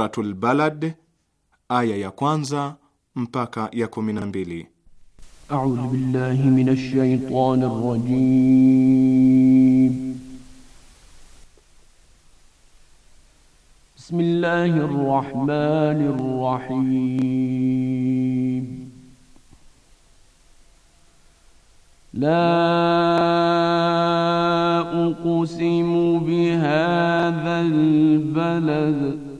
Suratul Balad aya ya kwanza mpaka ya 12. A'udhu billahi minash shaitanir rajim. Bismillahir rahmanir rahim. La أقسم بهذا البلد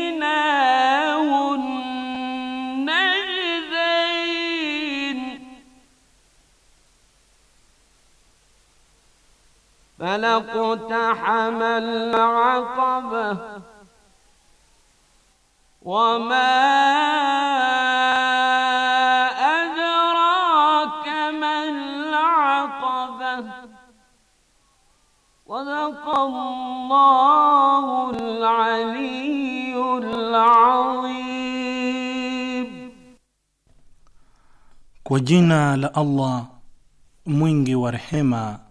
فلقتحم العقبة وما أدراك ما العقبة صدق الله العلي العظيم kwa لألله la ورحمه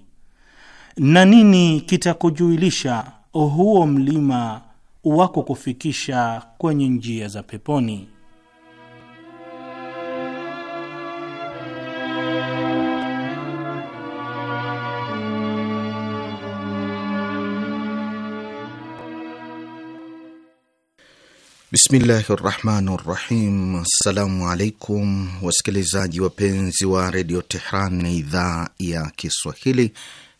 na nini kitakujuilisha huo mlima wako kufikisha kwenye njia za peponi? Bismillahi rahmani rahim. Assalamu alaikum wasikilizaji wapenzi wa redio Tehran na idhaa ya Kiswahili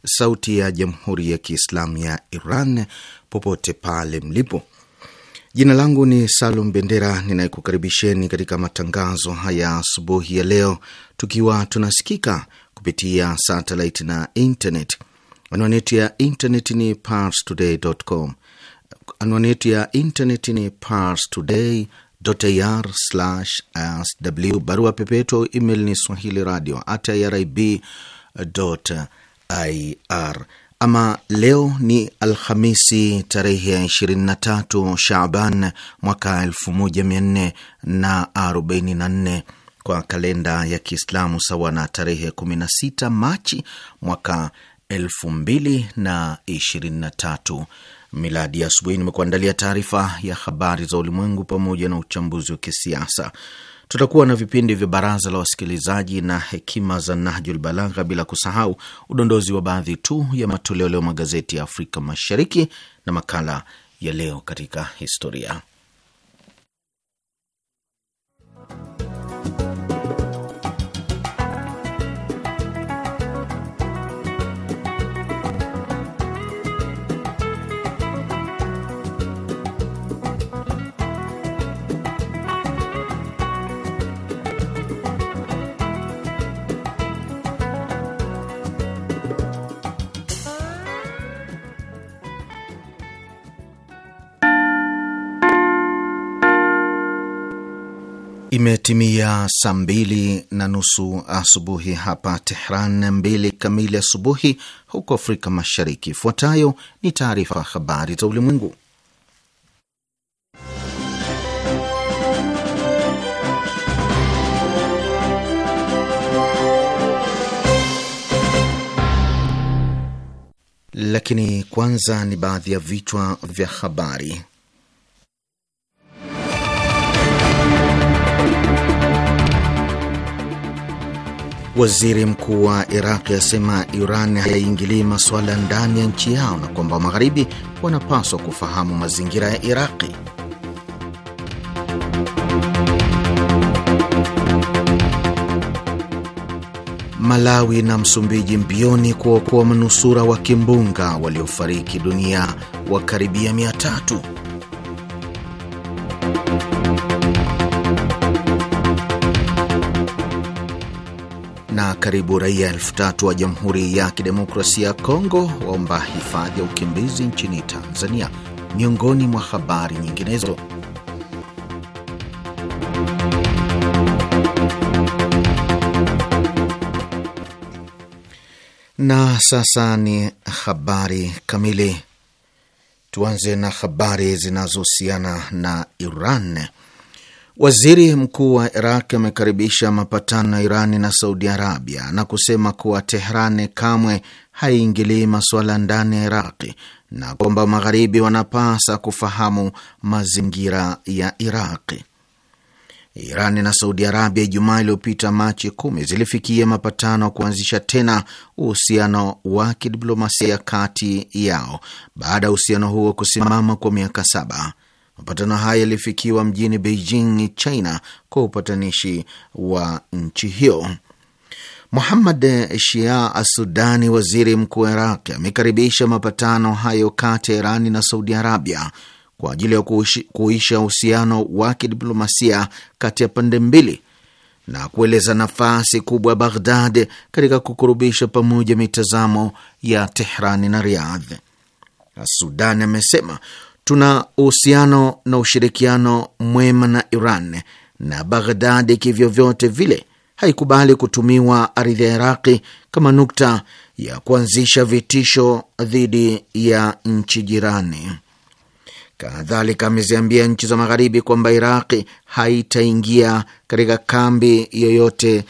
sauti ya jamhuri ya kiislamu ya Iran popote pale mlipo. Jina langu ni Salum Bendera, ninayekukaribisheni katika matangazo haya asubuhi ya leo, tukiwa tunasikika kupitia satelit na internet. Anwani yetu ya internet ni parstoday.com. Anwani yetu ya internet ni parstoday.ir/sw. Barua pepeto email ni swahili radio at irib ir. Ama leo ni Alhamisi tarehe ya 23 Shaban mwaka 1444 kwa kalenda ya Kiislamu, sawa na tarehe 16 Machi mwaka 2023 miladi. Asubuhi nimekuandalia taarifa ya habari za ulimwengu pamoja na uchambuzi wa kisiasa Tutakuwa na vipindi vya baraza la wasikilizaji na hekima za Nahjul Balagha, bila kusahau udondozi wa baadhi tu ya matoleo leo magazeti ya Afrika Mashariki na makala ya leo katika historia. Imetimia saa mbili na nusu asubuhi hapa Tehran, mbili kamili asubuhi huko Afrika Mashariki. Ifuatayo ni taarifa ya habari za ulimwengu, lakini kwanza ni baadhi ya vichwa vya habari. Waziri mkuu wa Iraqi asema Iran hayaingilii masuala ndani ya nchi yao na kwamba Magharibi wanapaswa kufahamu mazingira ya Iraqi. Malawi na Msumbiji mbioni kuwaokoa manusura wa kimbunga waliofariki dunia wa mia tatu. karibu raia elfu tatu wa Jamhuri ya Kidemokrasia ya Kongo waomba hifadhi ya ukimbizi nchini Tanzania, miongoni mwa habari nyinginezo. Na sasa ni habari kamili. Tuanze na habari zinazohusiana na Iran. Waziri mkuu wa Iraq amekaribisha mapatano na Irani na Saudi Arabia na kusema kuwa Tehrani kamwe haiingilii masuala ndani ya Iraqi na kwamba Magharibi wanapasa kufahamu mazingira ya Iraqi. Irani na Saudi Arabia Ijumaa iliyopita Machi kumi zilifikia mapatano kuanzisha tena uhusiano wa kidiplomasia kati yao baada ya uhusiano huo kusimama kwa miaka saba. Mapatano haya yalifikiwa mjini Beijing, China, kwa upatanishi wa nchi hiyo. Muhammad Shia Asudani, waziri mkuu wa Iraq, amekaribisha mapatano hayo kati ya Irani na Saudi Arabia kwa ajili ya kuisha uhusiano wa kidiplomasia kati ya pande mbili na kueleza nafasi kubwa ya Baghdad katika kukurubisha pamoja mitazamo ya Tehrani na Riyadh. Asudani amesema Tuna uhusiano na ushirikiano mwema na Iran na Baghdadi kivyovyote vile haikubali kutumiwa ardhi ya Iraqi kama nukta ya kuanzisha vitisho dhidi ya nchi jirani. Kadhalika ameziambia nchi za Magharibi kwamba Iraqi haitaingia katika kambi yoyote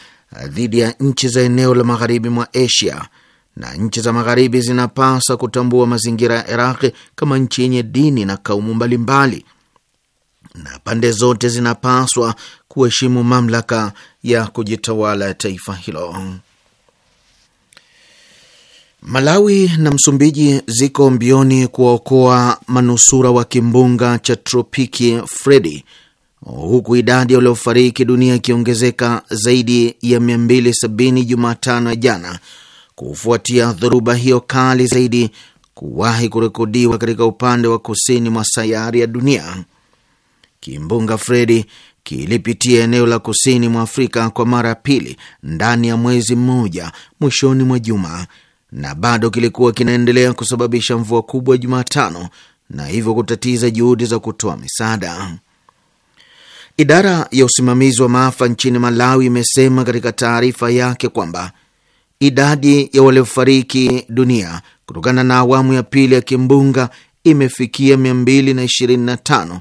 dhidi ya nchi za eneo la magharibi mwa Asia na nchi za Magharibi zinapaswa kutambua mazingira ya Iraqi kama nchi yenye dini na kaumu mbalimbali, na pande zote zinapaswa kuheshimu mamlaka ya kujitawala ya taifa hilo. Malawi na Msumbiji ziko mbioni kuwaokoa manusura wa kimbunga cha tropiki Fredi, huku idadi ya waliofariki dunia ikiongezeka zaidi ya 270 Jumatano ya jana kufuatia dhoruba hiyo kali zaidi kuwahi kurekodiwa katika upande wa kusini mwa sayari ya dunia. Kimbunga Fredi kilipitia eneo la kusini mwa Afrika kwa mara ya pili ndani ya mwezi mmoja mwishoni mwa juma na bado kilikuwa kinaendelea kusababisha mvua kubwa Jumatano na hivyo kutatiza juhudi za kutoa misaada. Idara ya usimamizi wa maafa nchini Malawi imesema katika taarifa yake kwamba idadi ya waliofariki dunia kutokana na awamu ya pili ya kimbunga imefikia 225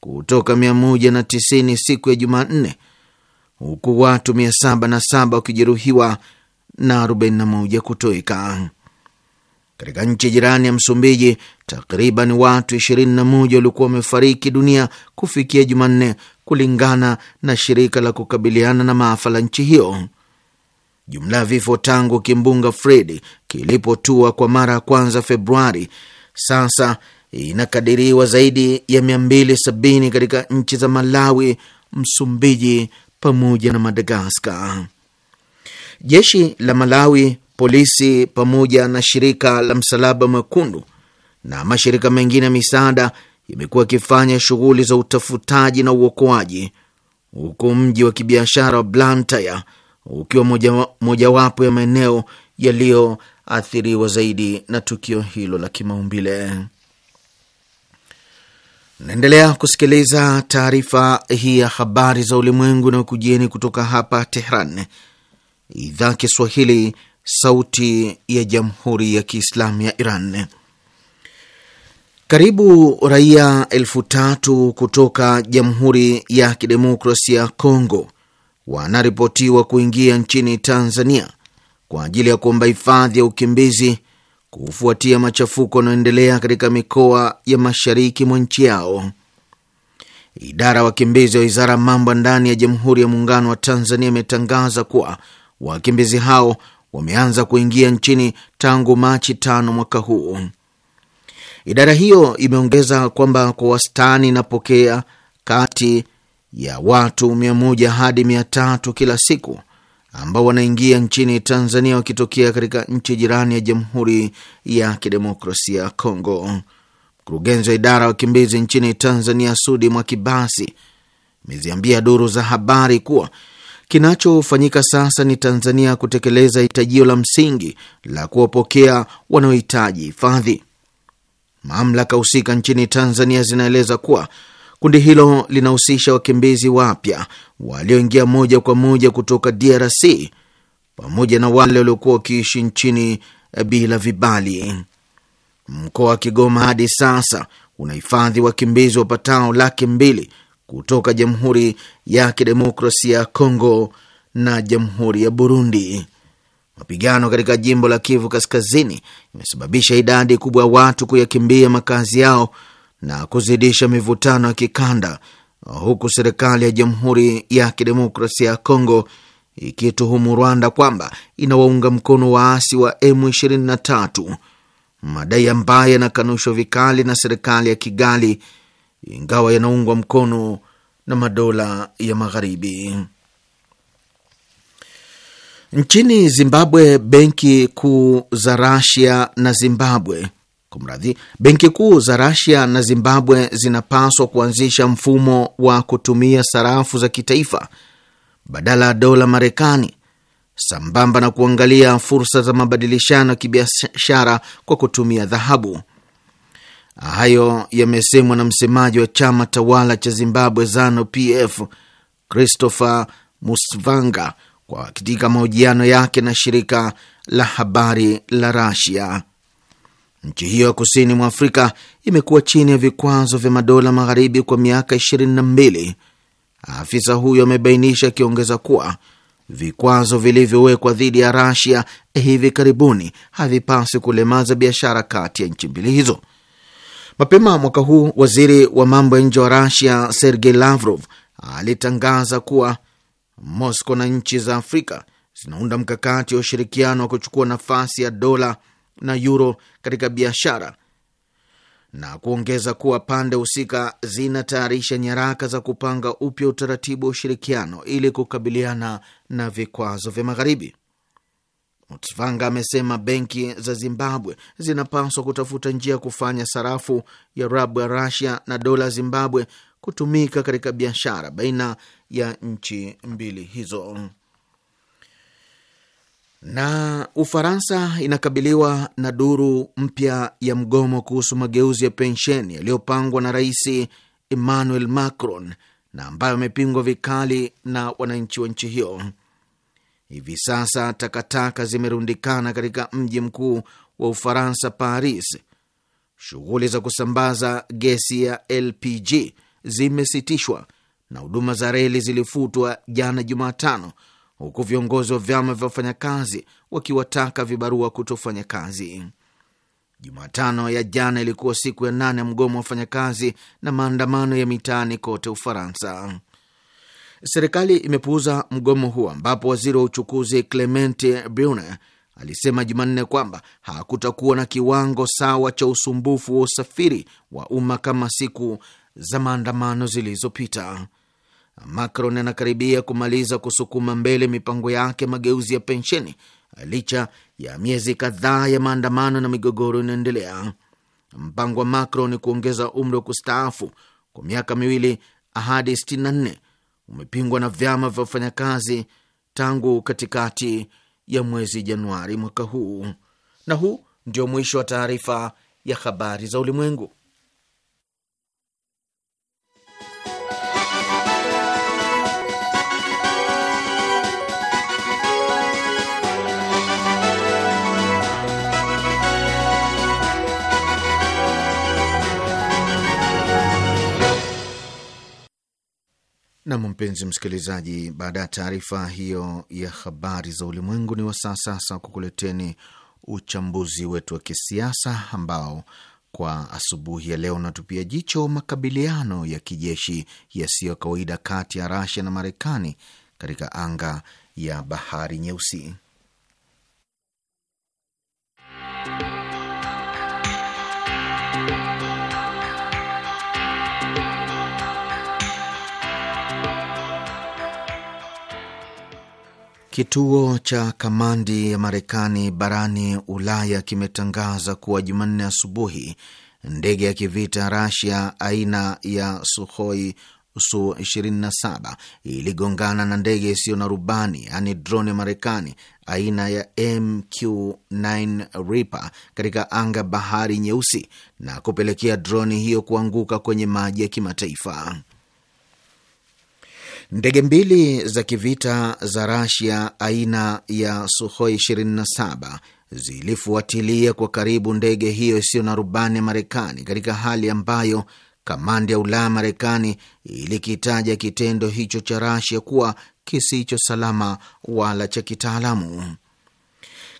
kutoka 190 siku ya Jumanne, huku watu 707 wakijeruhiwa na 41 kutoweka. Katika nchi jirani ya Msumbiji, takriban watu 21 walikuwa wamefariki dunia kufikia Jumanne, kulingana na shirika la kukabiliana na maafa la nchi hiyo. Jumla ya vifo tangu kimbunga Fred kilipotua kwa mara ya kwanza Februari sasa inakadiriwa zaidi ya 270 katika nchi za Malawi, Msumbiji pamoja na Madagaskar. Jeshi la Malawi, polisi pamoja na shirika la Msalaba Mwekundu na mashirika mengine ya misaada imekuwa ikifanya shughuli za utafutaji na uokoaji, huku mji wa kibiashara wa Blantyre ukiwa mojawapo moja ya maeneo yaliyoathiriwa zaidi na tukio hilo la kimaumbile. Naendelea kusikiliza taarifa hii ya habari za ulimwengu na ukujieni kutoka hapa Tehran, idhaa Kiswahili, sauti ya jamhuri ya kiislamu ya Iran. Karibu raia elfu tatu kutoka jamhuri ya kidemokrasia ya Kongo wanaripotiwa kuingia nchini Tanzania kwa ajili ya kuomba hifadhi ya ukimbizi kufuatia machafuko yanayoendelea katika mikoa ya mashariki mwa nchi yao. Idara ya wakimbizi wa wizara ya mambo ndani ya Jamhuri ya Muungano wa Tanzania imetangaza kuwa wakimbizi hao wameanza kuingia nchini tangu Machi tano mwaka huu. Idara hiyo imeongeza kwamba kwa wastani inapokea kati ya watu mia moja hadi mia tatu kila siku ambao wanaingia nchini Tanzania wakitokea katika nchi jirani ya Jamhuri ya Kidemokrasia ya Kongo. Mkurugenzi wa idara ya wakimbizi nchini Tanzania, Sudi Mwakibasi, ameziambia duru za habari kuwa kinachofanyika sasa ni Tanzania kutekeleza hitajio la msingi la kuwapokea wanaohitaji hifadhi. Mamlaka husika nchini Tanzania zinaeleza kuwa Kundi hilo linahusisha wakimbizi wapya walioingia moja kwa moja kutoka DRC pamoja na wale waliokuwa wakiishi nchini eh, bila vibali. Mkoa wa Kigoma hadi sasa unahifadhi wakimbizi wapatao laki mbili kutoka Jamhuri ya Kidemokrasia ya Kongo na Jamhuri ya Burundi. Mapigano katika jimbo la Kivu Kaskazini imesababisha idadi kubwa ya watu kuyakimbia makazi yao na kuzidisha mivutano ya kikanda, huku serikali ya Jamhuri ya Kidemokrasia ya Kongo ikituhumu Rwanda kwamba inawaunga mkono waasi wa M23, madai ambayo yanakanushwa vikali na serikali ya Kigali, ingawa yanaungwa mkono na madola ya Magharibi. Nchini Zimbabwe, benki kuu za Rasia na Zimbabwe Kumradhi, benki kuu za Rasia na Zimbabwe zinapaswa kuanzisha mfumo wa kutumia sarafu za kitaifa badala ya dola Marekani, sambamba na kuangalia fursa za mabadilishano ya kibiashara kwa kutumia dhahabu. Hayo yamesemwa na msemaji wa chama tawala cha Zimbabwe ZANU PF Christopher Musvanga kwa katika mahojiano yake na shirika la habari la Rasia. Nchi hiyo ya kusini mwa Afrika imekuwa chini ya vikwazo vya madola magharibi kwa miaka 22. Afisa huyo amebainisha akiongeza kuwa vikwazo vilivyowekwa dhidi ya Rasia hivi karibuni havipasi kulemaza biashara kati ya nchi mbili hizo. Mapema mwaka huu waziri wa mambo ya nje wa Rasia Sergei Lavrov alitangaza kuwa Moscow na nchi za Afrika zinaunda mkakati wa ushirikiano wa kuchukua nafasi ya dola na yuro katika biashara na kuongeza kuwa pande husika zinatayarisha nyaraka za kupanga upya utaratibu wa ushirikiano ili kukabiliana na vikwazo vya Magharibi. Mutsvanga amesema benki za Zimbabwe zinapaswa kutafuta njia ya kufanya sarafu ya rabu ya Rasia na dola Zimbabwe kutumika katika biashara baina ya nchi mbili hizo. Na Ufaransa inakabiliwa na duru mpya ya mgomo kuhusu mageuzi ya pensheni yaliyopangwa na Rais Emmanuel Macron na ambayo amepingwa vikali na wananchi wa nchi hiyo. Hivi sasa takataka zimerundikana katika mji mkuu wa Ufaransa, Paris. Shughuli za kusambaza gesi ya LPG zimesitishwa na huduma za reli zilifutwa jana Jumatano huku viongozi wa vyama vya wafanyakazi wakiwataka vibarua kutofanya kazi. Jumatano ya jana ilikuwa siku ya nane ya mgomo wa wafanyakazi na maandamano ya mitaani kote Ufaransa. Serikali imepuuza mgomo huo, ambapo waziri wa uchukuzi Clement Brune alisema Jumanne kwamba hakutakuwa na kiwango sawa cha usumbufu wa usafiri wa umma kama siku za maandamano zilizopita. Macron anakaribia kumaliza kusukuma mbele mipango yake mageuzi ya pensheni licha ya miezi kadhaa ya maandamano na migogoro inaendelea. Mpango wa Macron ni kuongeza umri wa kustaafu kwa miaka miwili ahadi 64 umepingwa na vyama vya wafanyakazi tangu katikati ya mwezi Januari mwaka huu. Na huu ndio mwisho wa taarifa ya habari za ulimwengu. Nam, mpenzi msikilizaji, baada ya taarifa hiyo ya habari za ulimwengu, ni wasaa sasa kukuleteni uchambuzi wetu wa kisiasa ambao kwa asubuhi ya leo unatupia jicho makabiliano ya kijeshi yasiyo kawaida kati ya Rasia na Marekani katika anga ya bahari Nyeusi. Kituo cha kamandi ya Marekani barani Ulaya kimetangaza kuwa Jumanne asubuhi ndege ya kivita Rasia aina ya Suhoi Su 27 iligongana na ndege isiyo na rubani yaani drone ya Marekani aina ya MQ9 Reaper katika anga bahari nyeusi na kupelekea droni hiyo kuanguka kwenye maji ya kimataifa. Ndege mbili za kivita za Rasia aina ya Suhoi 27 zilifuatilia kwa karibu ndege hiyo isiyo na rubani ya Marekani katika hali ambayo kamandi ya Ulaya Marekani ilikitaja kitendo hicho cha Rasia kuwa kisicho salama wala cha kitaalamu.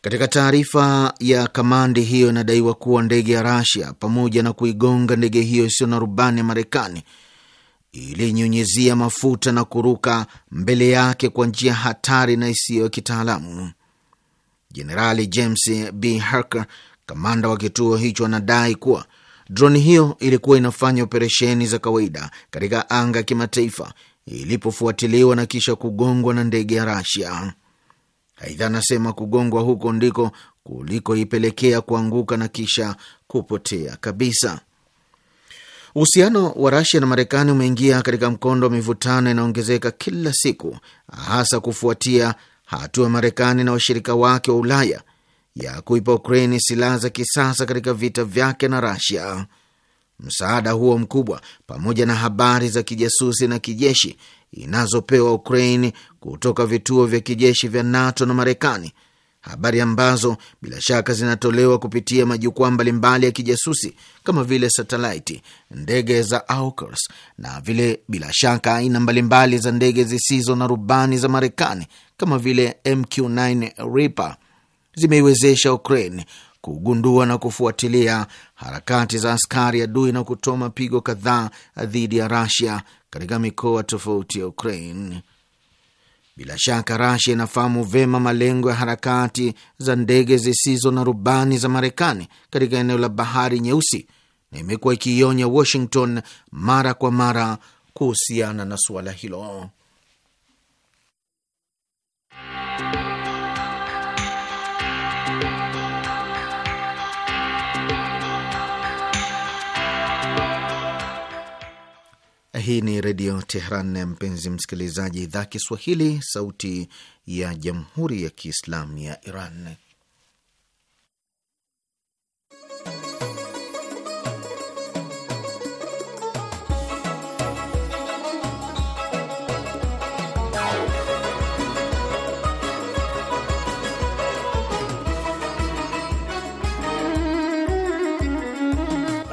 Katika taarifa ya kamandi hiyo inadaiwa kuwa ndege ya Rasia pamoja na kuigonga ndege hiyo isiyo na rubani ya Marekani ilinyunyizia mafuta na kuruka mbele yake kwa njia hatari na isiyo ya kitaalamu. Jenerali James B Harker, kamanda wa kituo hicho, anadai kuwa droni hiyo ilikuwa inafanya operesheni za kawaida katika anga ya kimataifa ilipofuatiliwa na kisha kugongwa na ndege ya Rasia. Aidha, anasema kugongwa huko ndiko kulikoipelekea kuanguka na kisha kupotea kabisa. Uhusiano wa Rasia na Marekani umeingia katika mkondo wa mivutano inaongezeka kila siku, hasa kufuatia hatua ya Marekani na washirika wake wa Ulaya ya kuipa Ukraini silaha za kisasa katika vita vyake na Rasia. Msaada huo mkubwa pamoja na habari za kijasusi na kijeshi inazopewa Ukraini kutoka vituo vya kijeshi vya NATO na Marekani habari ambazo bila shaka zinatolewa kupitia majukwaa mbalimbali ya kijasusi kama vile satelaiti, ndege za AWACS na vile bila shaka aina mbalimbali za ndege zisizo na rubani za Marekani kama vile MQ9 Reaper zimeiwezesha Ukraine kugundua na kufuatilia harakati za askari adui na kutoa mapigo kadhaa dhidi ya Russia katika mikoa tofauti ya Ukraine. Bila shaka Rasia inafahamu vema malengo ya harakati za ndege zisizo na rubani za Marekani katika eneo la bahari nyeusi na imekuwa ikiionya Washington mara kwa mara kuhusiana na suala hilo. Hii ni Redio Tehran, mpenzi msikilizaji, idhaa Kiswahili, sauti ya jamhuri ya kiislamu ya Iran.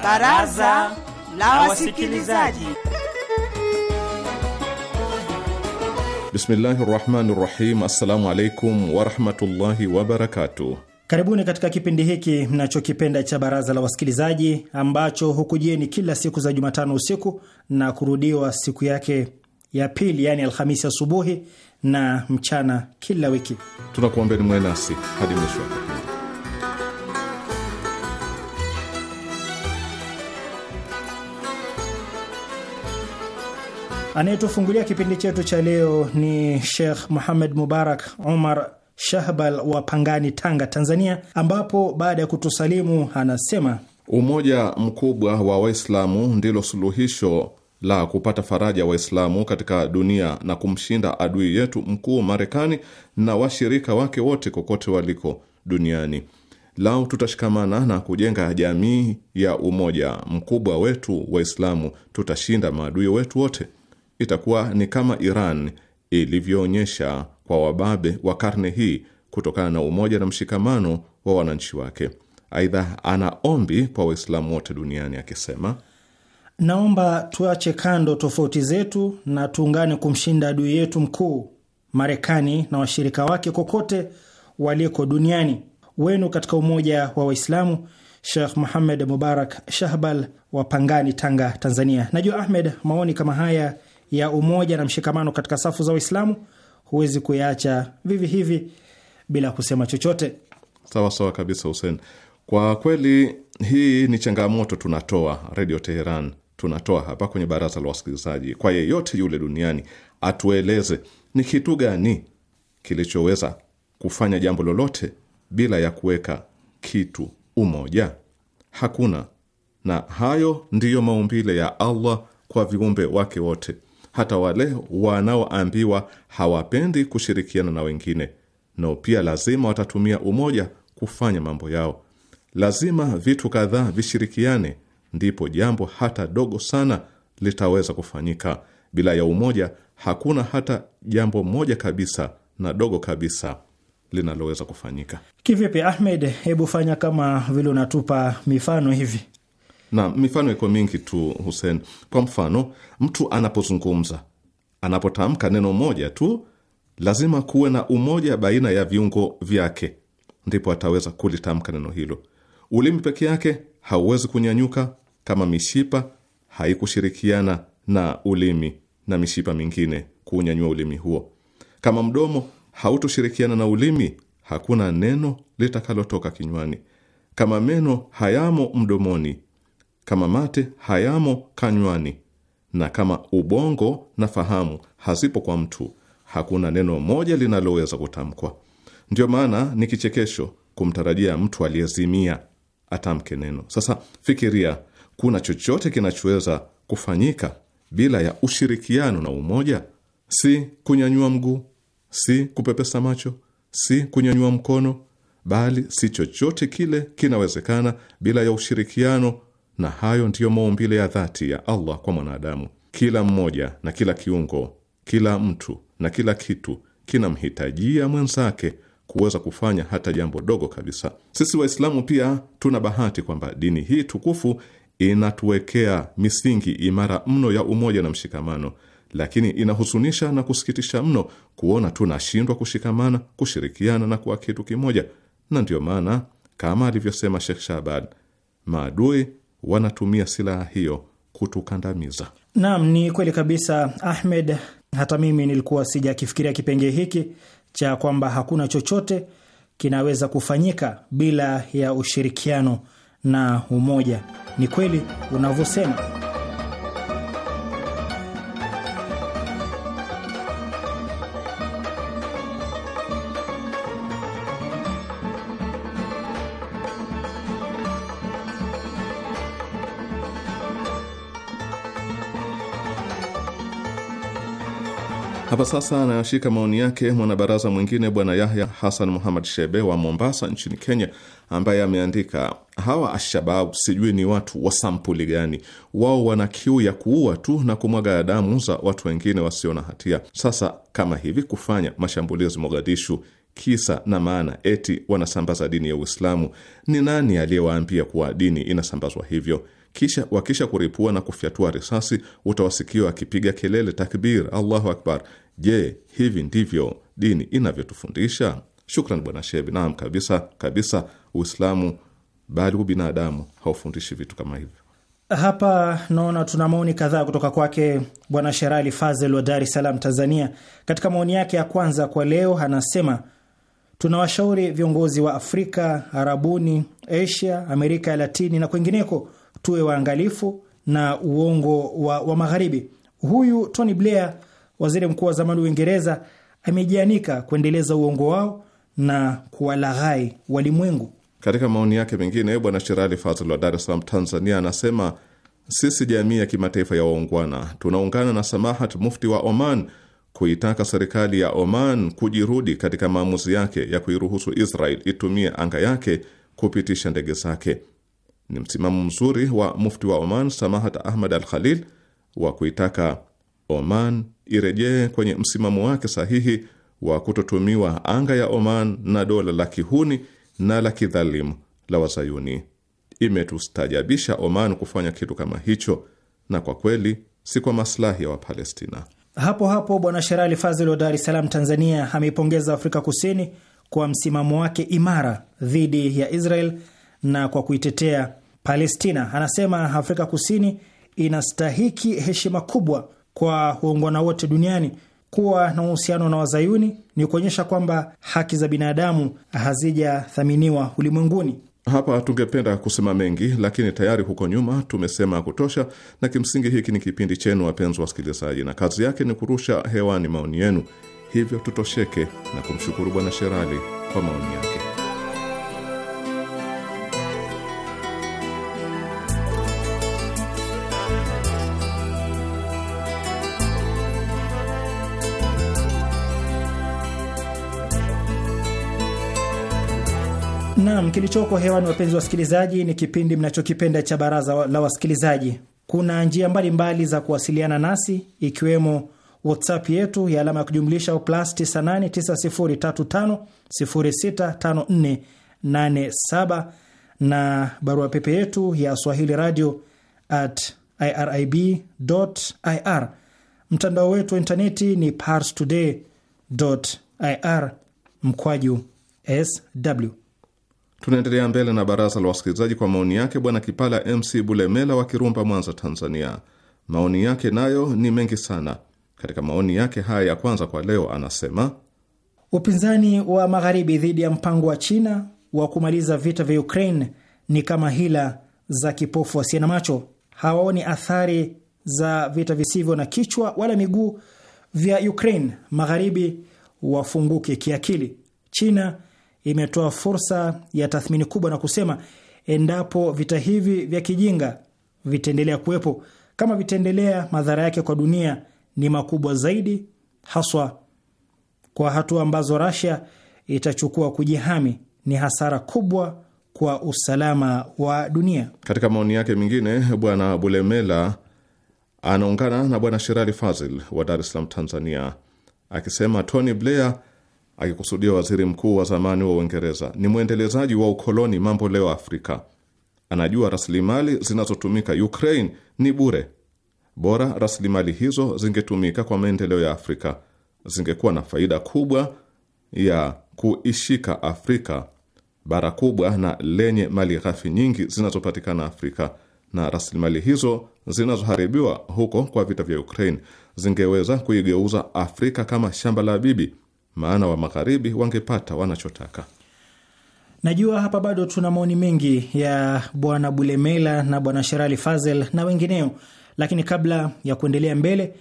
Baraza la Wasikilizaji. Bismillahi rahmani rahim. Assalamu alaikum warahmatullahi wabarakatuh. Karibuni katika kipindi hiki mnachokipenda cha Baraza la Wasikilizaji, ambacho hukujieni kila siku za Jumatano usiku na kurudiwa siku yake ya pili, yaani Alhamisi asubuhi ya na mchana kila wiki. Tunakuombeni mwenasi hadi mwisho wa kipindi. Anayetufungulia kipindi chetu cha leo ni Sheikh muhamed Mubarak Omar Shahbal wa Pangani, Tanga, Tanzania, ambapo baada ya kutusalimu anasema umoja mkubwa wa Waislamu ndilo suluhisho la kupata faraja Waislamu katika dunia na kumshinda adui yetu mkuu Marekani na washirika wake wote kokote waliko duniani. Lau tutashikamana na kujenga jamii ya umoja mkubwa wetu Waislamu, tutashinda maadui wetu wote itakuwa ni kama Iran ilivyoonyesha kwa wababe wa karne hii kutokana na umoja na mshikamano wa wananchi wake. Aidha, ana ombi kwa Waislamu wote duniani akisema, naomba tuache kando tofauti zetu na tuungane kumshinda adui yetu mkuu Marekani na washirika wake kokote waliko duniani. Wenu katika umoja wa Waislamu, Sheikh Muhamed Mubarak Shahbal wa Pangani, Tanga, Tanzania. Najua Ahmed, maoni kama haya ya umoja na mshikamano katika safu za Waislamu, huwezi kuyaacha vivi hivi bila kusema chochote. Sawa sawa kabisa, Hussein. Kwa kweli hii ni changamoto tunatoa Redio Teheran, tunatoa hapa kwenye baraza la wasikilizaji, kwa yeyote yule duniani atueleze ni kitu gani kilichoweza kufanya jambo lolote bila ya kuweka kitu umoja. Hakuna, na hayo ndiyo maumbile ya Allah kwa viumbe wake wote hata wale wanaoambiwa hawapendi kushirikiana na wengine, nao pia lazima watatumia umoja kufanya mambo yao. Lazima vitu kadhaa vishirikiane, ndipo jambo hata dogo sana litaweza kufanyika. Bila ya umoja, hakuna hata jambo moja kabisa na dogo kabisa linaloweza kufanyika. Kivipi Ahmed? Hebu fanya kama vile unatupa mifano hivi na mifano iko mingi tu, Hussein. Kwa mfano, mtu anapozungumza, anapotamka neno moja tu, lazima kuwe na umoja baina ya viungo vyake, ndipo ataweza kulitamka neno hilo. Ulimi peke yake hauwezi kunyanyuka kama mishipa haikushirikiana na ulimi na mishipa mingine kuunyanyua ulimi huo. Kama mdomo hautoshirikiana na ulimi, hakuna neno litakalotoka kinywani. Kama meno hayamo mdomoni, kama mate hayamo kanywani, na kama ubongo na fahamu hazipo kwa mtu, hakuna neno moja linaloweza kutamkwa. ndio maana ni kichekesho kumtarajia mtu aliyezimia atamke neno. Sasa fikiria, kuna chochote kinachoweza kufanyika bila ya ushirikiano na umoja? Si kunyanyua mguu, si kupepesa macho, si kunyanyua mkono, bali si chochote kile kinawezekana bila ya ushirikiano na hayo ndiyo maumbile ya dhati ya Allah kwa mwanadamu. Kila mmoja na kila kiungo, kila mtu na kila kitu kinamhitajia mwenzake kuweza kufanya hata jambo dogo kabisa. Sisi Waislamu pia tuna bahati kwamba dini hii tukufu inatuwekea misingi imara mno ya umoja na mshikamano, lakini inahusunisha na kusikitisha mno kuona tunashindwa kushikamana, kushirikiana na kuwa kitu kimoja. Na ndiyo maana kama alivyosema Sheikh Shaban, maadui wanatumia silaha hiyo kutukandamiza. Naam, ni kweli kabisa Ahmed. Hata mimi nilikuwa sijakifikiria kipengee hiki cha kwamba hakuna chochote kinaweza kufanyika bila ya ushirikiano na umoja. Ni kweli unavyosema. Hapa sasa anayashika maoni yake mwanabaraza mwingine Bwana Yahya Hasan Muhamad Shebe wa Mombasa nchini Kenya, ambaye ameandika hawa Alshababu sijui ni watu wa sampuli gani. Wao wana kiu ya kuua tu na kumwaga damu za watu wengine wasio na hatia. Sasa kama hivi kufanya mashambulizi Mogadishu kisa na maana eti wanasambaza dini ya Uislamu. Ni nani aliyewaambia kuwa dini inasambazwa hivyo? Kisha wakisha kuripua na kufyatua risasi, utawasikia akipiga kelele takbir, Allahu akbar, Je, hivi ndivyo dini inavyotufundisha? Shukran bwana Shebi. Naam, kabisa kabisa. Uislamu bali ubinadamu haufundishi vitu kama hivyo. Hapa naona tuna maoni kadhaa kutoka kwake bwana Sherali Fazel wa Dar es Salaam, Tanzania. Katika maoni yake ya kwanza kwa leo anasema tunawashauri viongozi wa Afrika, Arabuni, Asia, Amerika ya Latini na kwengineko tuwe waangalifu na uongo wa, wa magharibi. Huyu Tony Blair waziri mkuu wa zamani wa Uingereza, amejianika kuendeleza uongo wao na kuwalaghai walimwengu. Katika maoni yake mengine, Bwana Sherali Fazl wa Dar es Salaam, Tanzania, anasema sisi jamii ya kimataifa ya waungwana tunaungana na Samahat Mufti wa Oman kuitaka serikali ya Oman kujirudi katika maamuzi yake ya kuiruhusu Israel itumie anga yake kupitisha ndege zake. Ni msimamo mzuri wa Mufti wa Oman Samahat Ahmad Al Khalil wa kuitaka Oman irejee kwenye msimamo wake sahihi wa kutotumiwa anga ya Oman na dola la kihuni na la kidhalimu la Wazayuni. Imetustajabisha Oman kufanya kitu kama hicho, na kwa kweli si kwa maslahi ya Wapalestina. Hapo hapo Bwana Sherali Fazil wa Dar es Salaam, Tanzania, ameipongeza Afrika Kusini kwa msimamo wake imara dhidi ya Israel na kwa kuitetea Palestina. Anasema Afrika Kusini inastahiki heshima kubwa kwa waungwana wote duniani. Kuwa na uhusiano na wazayuni ni kuonyesha kwamba haki za binadamu hazijathaminiwa ulimwenguni. Hapa tungependa kusema mengi, lakini tayari huko nyuma tumesema kutosha, na kimsingi hiki ni kipindi chenu, wapenzi wasikilizaji, na kazi yake ni kurusha hewani maoni yenu. Hivyo tutosheke na kumshukuru Bwana Sherali kwa maoni yake. Naam, kilichoko hewani wapenzi wasikilizaji, ni kipindi mnachokipenda cha Baraza la Wasikilizaji. Kuna njia mbalimbali mbali za kuwasiliana nasi, ikiwemo WhatsApp yetu ya alama ya kujumlisha plus 989035065487 na barua pepe yetu ya swahili radio at irib ir. Mtandao wetu wa intaneti ni pars today ir mkwaju sw Tunaendelea mbele na baraza la wasikilizaji kwa maoni yake bwana Kipala MC Bulemela wa Kirumba, Mwanza, Tanzania. Maoni yake nayo ni mengi sana. Katika maoni yake haya ya kwanza kwa leo anasema upinzani wa magharibi dhidi ya mpango wa China wa kumaliza vita vya Ukraine ni kama hila za kipofu asiye na macho. Hawaoni athari za vita visivyo na kichwa wala miguu vya Ukraine. Magharibi wafunguke kiakili. China imetoa fursa ya tathmini kubwa na kusema endapo vita hivi vya kijinga vitaendelea kuwepo, kama vitaendelea, madhara yake kwa dunia ni makubwa zaidi, haswa kwa hatua ambazo Russia itachukua kujihami. Ni hasara kubwa kwa usalama wa dunia. Katika maoni yake mengine, Bwana Bulemela anaungana na Bwana Shirali Fazil wa Dar es Salaam, Tanzania, akisema Tony Blair akikusudia waziri mkuu wa zamani wa Uingereza, ni mwendelezaji wa ukoloni mambo leo Afrika. Anajua rasilimali zinazotumika Ukraine ni bure. Bora rasilimali hizo zingetumika kwa maendeleo ya Afrika, zingekuwa na faida kubwa ya kuishika Afrika, bara kubwa na lenye mali ghafi nyingi zinazopatikana Afrika, na rasilimali hizo zinazoharibiwa huko kwa vita vya Ukraine zingeweza kuigeuza Afrika kama shamba la bibi maana wa magharibi wangepata wanachotaka. Najua hapa bado tuna maoni mengi ya bwana Bulemela na bwana Sherali Fazel na wengineo, lakini kabla ya kuendelea mbele,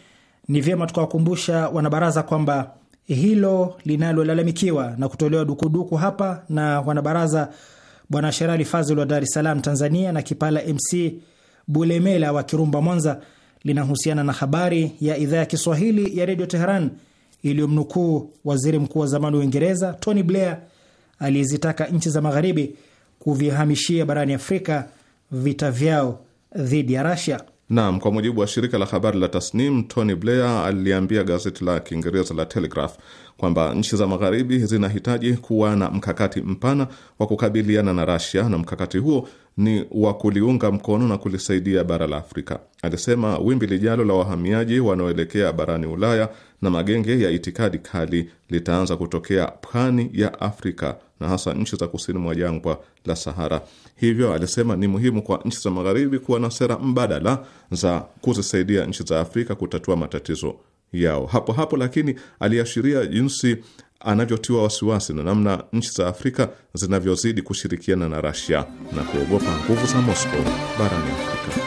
ni vyema tukawakumbusha wanabaraza kwamba hilo linalolalamikiwa na kutolewa dukuduku hapa na wanabaraza bwana Sherali Fazel wa Dar es Salaam, Tanzania, na Kipala MC Bulemela wa Kirumba, Mwanza, linahusiana na habari ya idhaa ya Kiswahili ya redio Teheran iliyomnukuu waziri mkuu wa zamani wa Uingereza Tony Blair aliyezitaka nchi za magharibi kuvihamishia barani Afrika vita vyao dhidi ya rasia Naam, kwa mujibu wa shirika la habari la Tasnim, Tony Blair aliambia gazeti la Kiingereza la Telegraph kwamba nchi za magharibi zinahitaji kuwa na mkakati mpana wa kukabiliana na rasia na mkakati huo ni wa kuliunga mkono na kulisaidia bara la Afrika. Alisema wimbi lijalo la wahamiaji wanaoelekea barani Ulaya na magenge ya itikadi kali litaanza kutokea pwani ya Afrika na hasa nchi za kusini mwa jangwa la Sahara. Hivyo alisema ni muhimu kwa nchi za magharibi kuwa na sera mbadala za kuzisaidia nchi za Afrika kutatua matatizo yao. Hapo hapo lakini aliashiria jinsi anavyotiwa wasiwasi na namna nchi za Afrika zinavyozidi kushirikiana na Rasia na kuogopa nguvu za Moscow barani Afrika.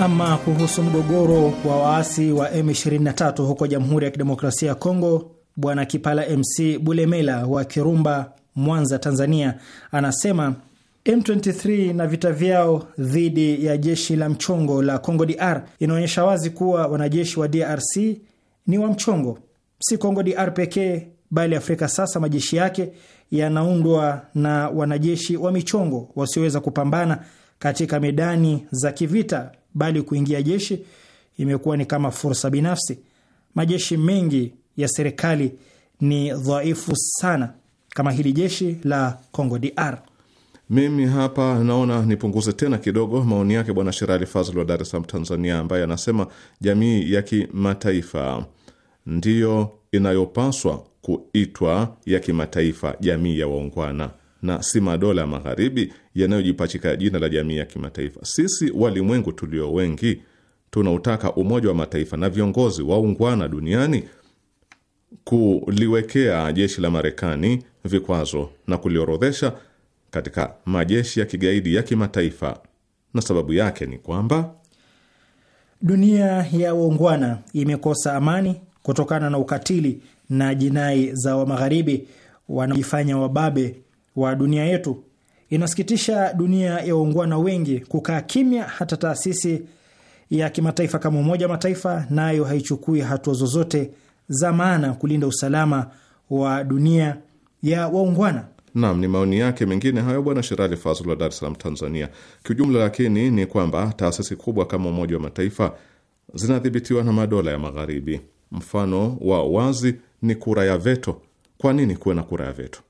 Ama kuhusu mgogoro wa waasi wa M23 huko Jamhuri ya Kidemokrasia ya Kongo, Bwana Kipala MC Bulemela wa Kirumba, Mwanza, Tanzania, anasema M23 na vita vyao dhidi ya jeshi la mchongo la Congo DR inaonyesha wazi kuwa wanajeshi wa DRC ni wa mchongo, si Congo DR pekee, bali Afrika sasa majeshi yake yanaundwa na wanajeshi wa michongo wasioweza kupambana katika medani za kivita bali kuingia jeshi imekuwa ni kama fursa binafsi. Majeshi mengi ya serikali ni dhaifu sana, kama hili jeshi la Congo DR. Mimi hapa naona nipunguze tena kidogo maoni yake Bwana Sherali Fazl wa Dar es Salaam, Tanzania, ambaye anasema jamii ya kimataifa ndiyo inayopaswa kuitwa ya kimataifa, jamii ya waungwana na si madola ya magharibi yanayojipachika jina la jamii ya kimataifa. Sisi walimwengu tulio wengi tunautaka Umoja wa Mataifa na viongozi waungwana duniani kuliwekea jeshi la Marekani vikwazo na kuliorodhesha katika majeshi ya kigaidi ya kimataifa, na sababu yake ni kwamba dunia ya waungwana imekosa amani kutokana na ukatili na jinai za Wamagharibi wanaojifanya wababe wa dunia yetu. Inasikitisha dunia ya waungwana wengi kukaa kimya, hata taasisi ya kimataifa kama Umoja wa Mataifa nayo na haichukui hatua zozote za maana kulinda usalama wa dunia ya waungwana. Naam, ni maoni yake mengine hayo Bwana Sherali Fazul wa Dar es Salaam, Tanzania. Kiujumla lakini ni kwamba taasisi kubwa kama Umoja wa Mataifa zinadhibitiwa na madola ya Magharibi. Mfano wa wazi ni kura ya veto. Kwa nini kuwe na kura ya veto?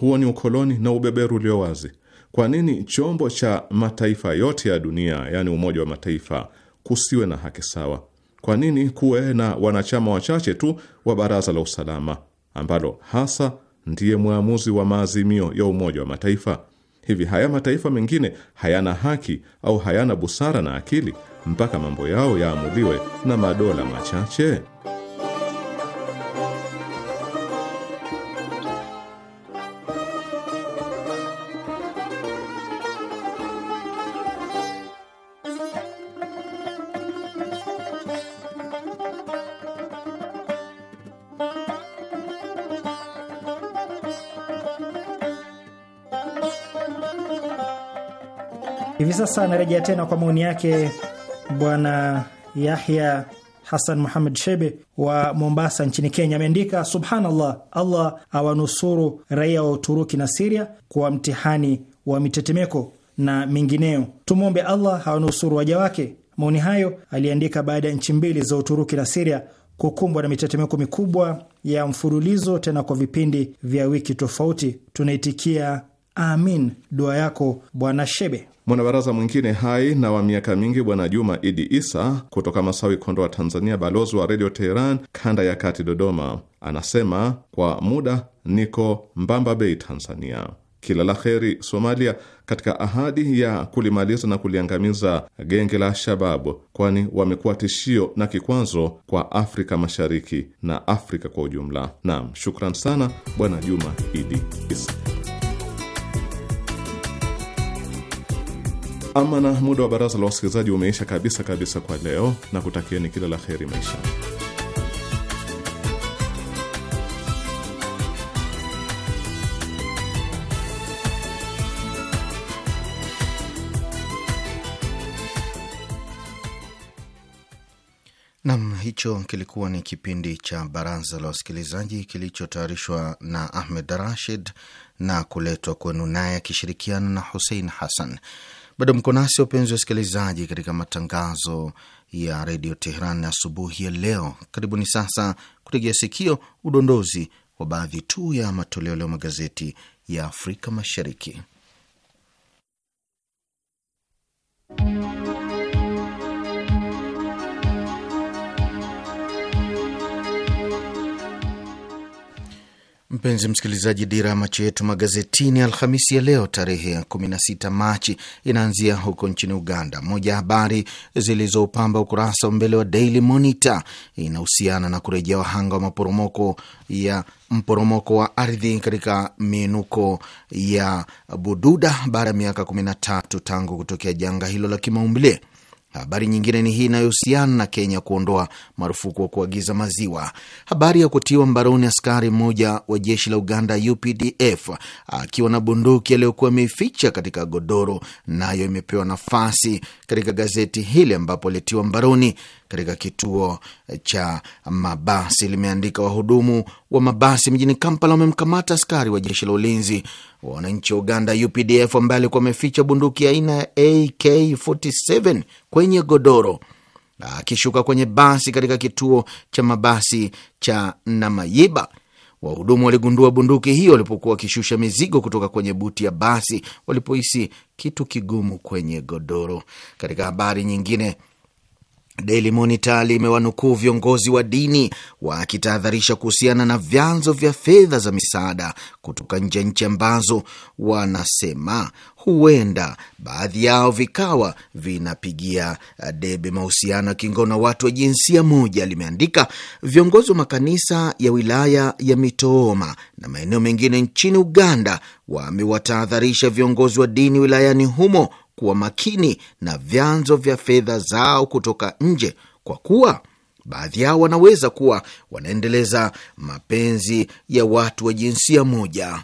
Huo ni ukoloni na ubeberu ulio wazi. Kwa nini chombo cha mataifa yote ya dunia, yaani Umoja wa Mataifa, kusiwe na haki sawa? Kwa nini kuwe na wanachama wachache tu wa Baraza la Usalama ambalo hasa ndiye mwamuzi wa maazimio ya Umoja wa Mataifa? Hivi haya mataifa mengine hayana haki au hayana busara na akili mpaka mambo yao yaamuliwe na madola machache? sasa anarejea tena kwa maoni yake bwana Yahya Hasan Muhamed Shebe wa Mombasa nchini Kenya ameandika, subhanallah, Allah awanusuru raia wa Uturuki na Siria kwa mtihani wa mitetemeko na mingineo. Tumwombe Allah awanusuru waja wake. Maoni hayo aliandika baada ya nchi mbili za Uturuki na Siria kukumbwa na mitetemeko mikubwa ya mfululizo, tena kwa vipindi vya wiki tofauti. Tunaitikia Amin dua yako Bwana Shebe. Mwanabaraza mwingine hai na wa miaka mingi Bwana Juma Idi Isa kutoka Masawi, Kondoa, Tanzania, balozi wa Redio Teheran kanda ya kati, Dodoma, anasema kwa muda niko Mbamba Bei, Tanzania. Kila la heri Somalia katika ahadi ya kulimaliza na kuliangamiza genge la Shababu, kwani wamekuwa tishio na kikwazo kwa Afrika Mashariki na Afrika kwa ujumla. Naam, shukran sana Bwana Juma Idi Isa. Ama na muda wa baraza la wasikilizaji umeisha kabisa kabisa kwa leo, na kutakieni kila la heri maisha Nam, hicho kilikuwa ni kipindi cha baraza la wasikilizaji kilichotayarishwa na Ahmed Rashid na kuletwa kwenu naye akishirikiana na Husein Hassan. Bado mko nasi wapenzi wa wasikilizaji, katika matangazo ya redio Teheran asubuhi ya leo. Karibuni sasa kutegea sikio udondozi wa baadhi tu ya matoleo leo magazeti ya Afrika Mashariki. Mpenzi msikilizaji, dira ya macho yetu magazetini Alhamisi ya leo tarehe ya 16 Machi inaanzia huko nchini Uganda. Moja ya habari zilizopamba ukurasa wa mbele wa Daily Monitor inahusiana na kurejea wahanga wa maporomoko ya mporomoko wa ardhi katika miinuko ya Bududa baada ya miaka 13 tangu kutokea janga hilo la kimaumbile. Habari nyingine ni hii inayohusiana na Kenya kuondoa marufuku wa kuagiza maziwa. Habari ya kutiwa mbaroni askari mmoja wa jeshi la Uganda UPDF akiwa na bunduki aliyokuwa ameificha katika godoro, nayo imepewa nafasi katika gazeti hili, ambapo alitiwa mbaroni katika kituo cha mabasi. Limeandika wahudumu wa mabasi mjini Kampala wamemkamata askari wa jeshi la ulinzi wananchi wa Uganda UPDF ambaye alikuwa ameficha bunduki aina ya AK47 kwenye godoro akishuka kwenye basi katika kituo cha mabasi cha Namayiba. Wahudumu waligundua bunduki hiyo walipokuwa wakishusha mizigo kutoka kwenye buti ya basi walipohisi kitu kigumu kwenye godoro. Katika habari nyingine Daily Monitor limewanukuu viongozi wa dini wakitahadharisha kuhusiana na vyanzo vya fedha za misaada kutoka nje ya nchi ambazo wanasema huenda baadhi yao vikawa vinapigia debe mahusiano ya kingono na watu wa jinsia moja, limeandika. Viongozi wa makanisa ya wilaya ya Mitooma na maeneo mengine nchini Uganda wamewatahadharisha viongozi wa dini wilayani humo kuwa makini na vyanzo vya fedha zao kutoka nje, kwa kuwa baadhi yao wanaweza kuwa wanaendeleza mapenzi ya watu wa jinsia moja.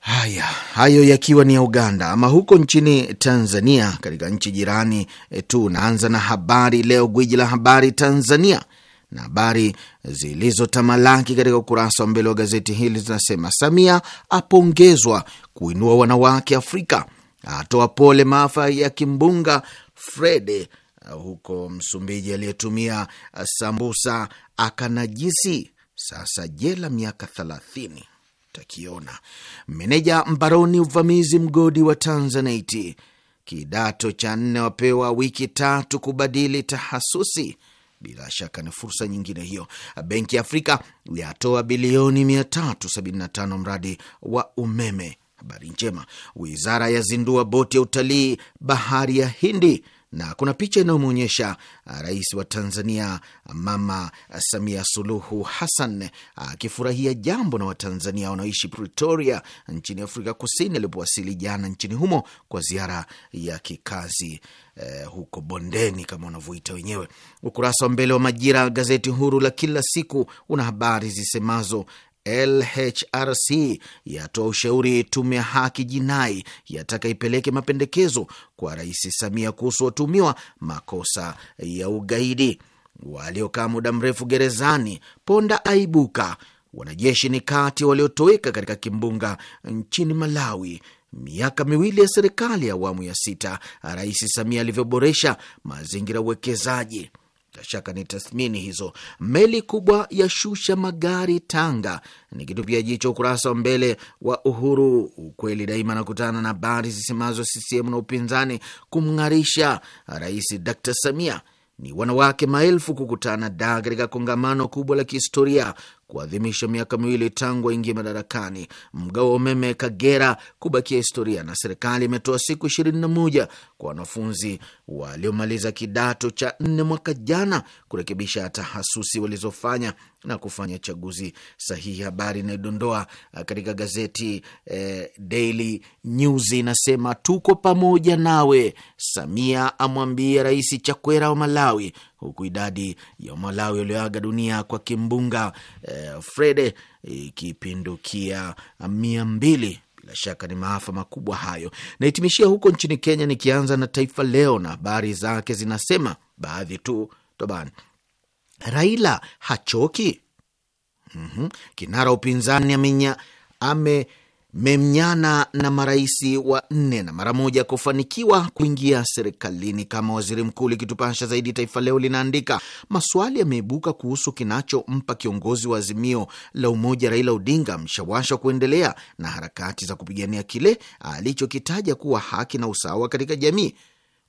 Haya, hayo yakiwa ni ya Uganda. Ama huko nchini Tanzania, katika nchi jirani eh, tu, naanza na habari leo, gwiji la habari Tanzania, na habari zilizotamalaki katika ukurasa wa mbele wa gazeti hili zinasema: Samia apongezwa kuinua wanawake Afrika, atoa pole maafa ya kimbunga Fred uh, huko Msumbiji, aliyetumia uh, sambusa akanajisi sasa jela miaka thelathini. Takiona meneja mbaroni uvamizi mgodi wa Tanzanite. Kidato cha nne wapewa wiki tatu kubadili tahasusi. Bila shaka ni fursa nyingine hiyo. Benki ya Afrika yatoa bilioni 375 mradi wa umeme Habari njema, wizara yazindua boti ya utalii bahari ya Hindi na kuna picha inayomwonyesha rais wa Tanzania Mama Samia Suluhu Hassan akifurahia jambo na Watanzania wanaoishi Pretoria nchini Afrika Kusini alipowasili jana nchini humo kwa ziara ya kikazi eh, huko bondeni kama wanavyoita wenyewe. Ukurasa wa mbele wa Majira, gazeti huru la kila siku, una habari zisemazo LHRC yatoa ushauri tume ya haki jinai yataka ipeleke mapendekezo kwa Rais Samia kuhusu watumiwa makosa ya ugaidi waliokaa muda mrefu gerezani. Ponda aibuka. Wanajeshi ni kati waliotoweka katika kimbunga nchini Malawi. Miaka miwili ya serikali ya awamu ya sita, Rais Samia alivyoboresha mazingira ya uwekezaji bila shaka ni tathmini hizo. Meli kubwa yashusha magari Tanga, ni kitupia jicho ukurasa wa mbele wa Uhuru. Ukweli Daima anakutana na habari zisemazo CCM na upinzani kumng'arisha Rais d Samia ni wanawake maelfu kukutana daa katika kongamano kubwa la kihistoria kuadhimisha miaka miwili tangu aingie madarakani. Mgao wa umeme Kagera kubakia historia, na serikali imetoa siku ishirini na moja kwa wanafunzi waliomaliza kidato cha nne mwaka jana kurekebisha tahasusi walizofanya na kufanya chaguzi sahihi. Habari inayodondoa katika gazeti eh, Daily News inasema tuko pamoja nawe, Samia amwambia Rais Chakwera wa Malawi huku idadi ya Malawi walioaga dunia kwa kimbunga eh, Frede ikipindukia mia mbili. Bila shaka ni maafa makubwa hayo. Nahitimishia huko nchini Kenya, nikianza na Taifa Leo na habari zake zinasema baadhi tu toban, Raila hachoki. mm -hmm. Kinara upinzani amenya ame memnyana na marais wa nne na mara moja kufanikiwa kuingia serikalini kama waziri mkuu. Likitupasha zaidi, Taifa Leo linaandika maswali yameibuka kuhusu kinachompa kiongozi wa Azimio la Umoja Raila Odinga mshawasha kuendelea na harakati za kupigania kile alichokitaja kuwa haki na usawa katika jamii.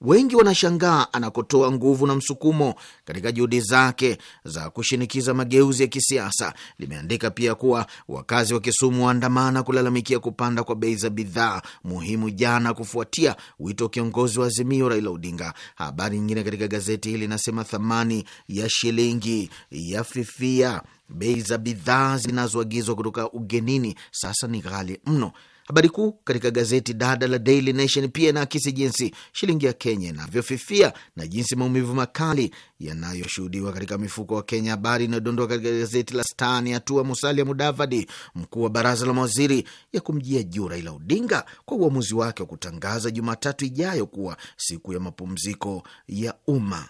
Wengi wanashangaa anakotoa nguvu na msukumo katika juhudi zake za kushinikiza mageuzi ya kisiasa. Limeandika pia kuwa wakazi wa Kisumu waandamana kulalamikia kupanda kwa bei za bidhaa muhimu jana, kufuatia wito wa kiongozi wa Azimio Raila Odinga. Habari nyingine katika gazeti hili inasema thamani ya shilingi ya fifia, bei za bidhaa zinazoagizwa kutoka ugenini sasa ni ghali mno. Habari kuu katika gazeti dada la Daily Nation pia inaakisi jinsi shilingi ya Kenya inavyofifia na jinsi maumivu makali yanayoshuhudiwa katika mifuko wa Kenya. Habari inayodondoka katika gazeti la Star ni hatua Musalia Mudavadi, mkuu wa baraza la mawaziri, ya kumjia juu Raila Odinga kwa uamuzi wake wa kutangaza Jumatatu ijayo kuwa siku ya mapumziko ya umma.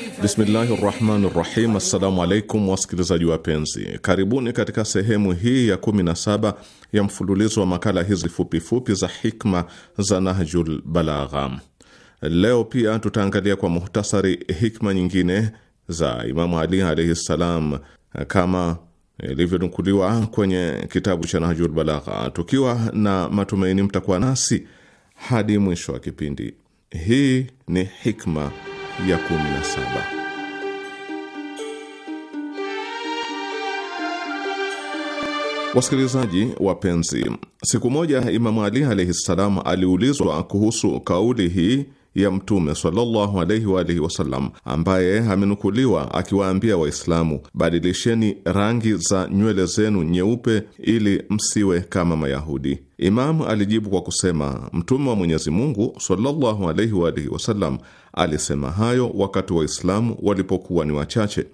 Bismillahi rahmani rahim. Assalamu alaikum wasikilizaji wapenzi, karibuni katika sehemu hii ya 17 ya mfululizo wa makala hizi fupifupi za hikma za Nahjul Balagha. Leo pia tutaangalia kwa muhtasari hikma nyingine za Imamu Ali alaihi ssalam kama ilivyonukuliwa kwenye kitabu cha Nahjul Balagha, tukiwa na matumaini mtakuwa nasi hadi mwisho wa kipindi. Hii ni hikma ya 17. Wasikilizaji wapenzi, siku moja Imamu Ali alaihi ssalam aliulizwa kuhusu kauli hii ya Mtume sallallahu alaihi wa alihi wasallam ambaye amenukuliwa akiwaambia Waislamu, badilisheni rangi za nywele zenu nyeupe ili msiwe kama Mayahudi. Imamu alijibu kwa kusema, Mtume wa Mwenyezi Mungu sallallahu alaihi wa alihi wasallam alisema hayo wakati Waislamu walipokuwa ni wachache,